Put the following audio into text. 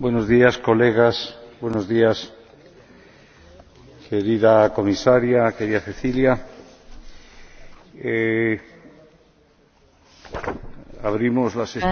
Buenos días, colegas. Buenos días, querida comisaria, querida Cecilia. Eh, abrimos la sesión